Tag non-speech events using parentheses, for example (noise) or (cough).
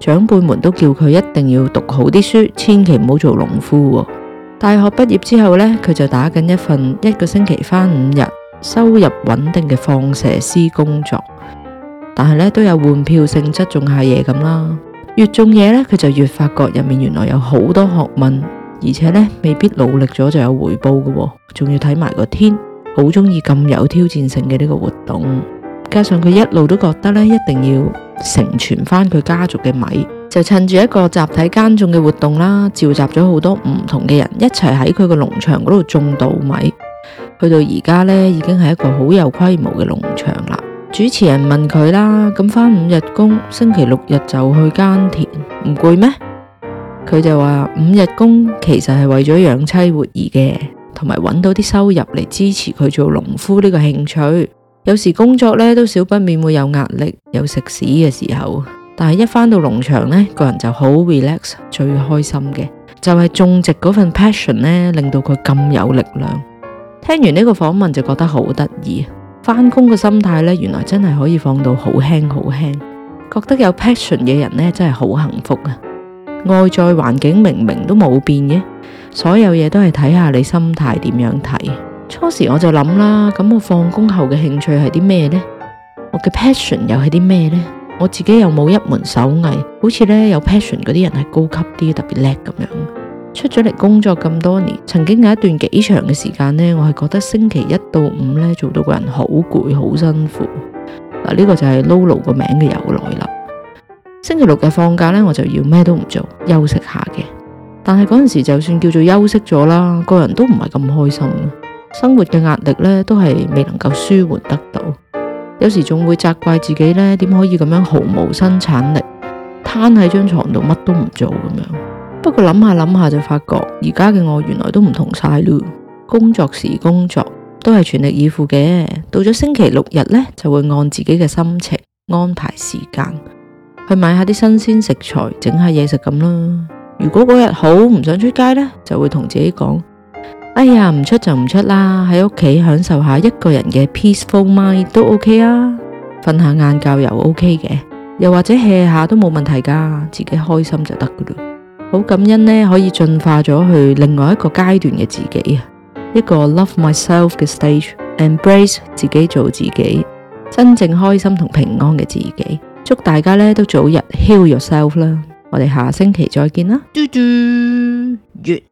長輩們都叫佢一定要讀好啲書，千祈唔好做農夫。大學畢業之後呢，佢就打緊一份一個星期返五日、收入穩定嘅放射師工作，但係呢都有換票性質種下嘢咁啦。越種嘢呢，佢就越發覺入面原來有好多學問，而且呢，未必努力咗就有回報㗎，仲要睇埋個天。好鍾意咁有挑戰性嘅呢個活動，加上佢一路都覺得呢一定要。承傳返佢家族嘅米，就趁住一個集體耕種嘅活動啦，召集咗好多唔同嘅人一齊喺佢個農場嗰度種稻米。去到而家呢，已經係一個好有規模嘅農場啦。主持人問佢啦：咁返五日工，星期六日就去耕田，唔攰咩？佢就話五日工其實係為咗養妻活兒嘅，同埋搵到啲收入嚟支持佢做農夫呢個興趣。有時工作呢都少不免會有壓力，有食屎嘅時候。但係一返到農場呢，個人就好 relax，最開心嘅就係種植嗰份 passion 呢，令到佢咁有力量。聽完呢個訪問就覺得好得意。返工嘅心態呢，原來真係可以放到好輕好輕。覺得有 passion 嘅人呢，真係好幸福啊！外在環境明明都冇變嘅，所有嘢都係睇下你心態點樣睇。初時我就諗啦，咁我放工後嘅興趣係啲咩呢？我嘅 passion 又係啲咩呢？我自己又冇一門手藝，好似呢有 passion 嗰啲人係高級啲，特別叻咁樣。出咗嚟工作咁多年，曾經有一段幾長嘅時間呢，我係覺得星期一到五呢做到個人好攰，好辛苦嗱。呢、啊這個就係 Lulu 個名嘅由來啦。星期六嘅放假呢，我就要咩都唔做，休息下嘅。但係嗰陣時就算叫做休息咗啦，個人都唔係咁開心。生活嘅壓力咧，都係未能夠舒緩得到，有時仲會責怪自己咧，點可以咁樣毫無生產力，癱喺張床度乜都唔做咁樣。不過諗下諗下就發覺，而家嘅我原來都唔同晒咯。工作時工作都係全力以赴嘅，到咗星期六日咧，就會按自己嘅心情安排時間去買下啲新鮮食材，整下嘢食咁啦。如果嗰日好唔想出街咧，就會同自己講。哎呀，唔出就唔出啦，喺屋企享受下一個人嘅 peaceful mind 都 OK 啊，瞓下晏覺又 OK 嘅，又或者 hea 下都冇問題噶自己開心就得噶啦。好感恩呢可以進化咗去另外一個階段嘅自己。一個 love myself 嘅 stage，embrace 自己做自己，真正開心同平安嘅自己。祝大家呢都早日 heal yourself 啦，我哋下星期再見啦，嘟嘟月。 (noise)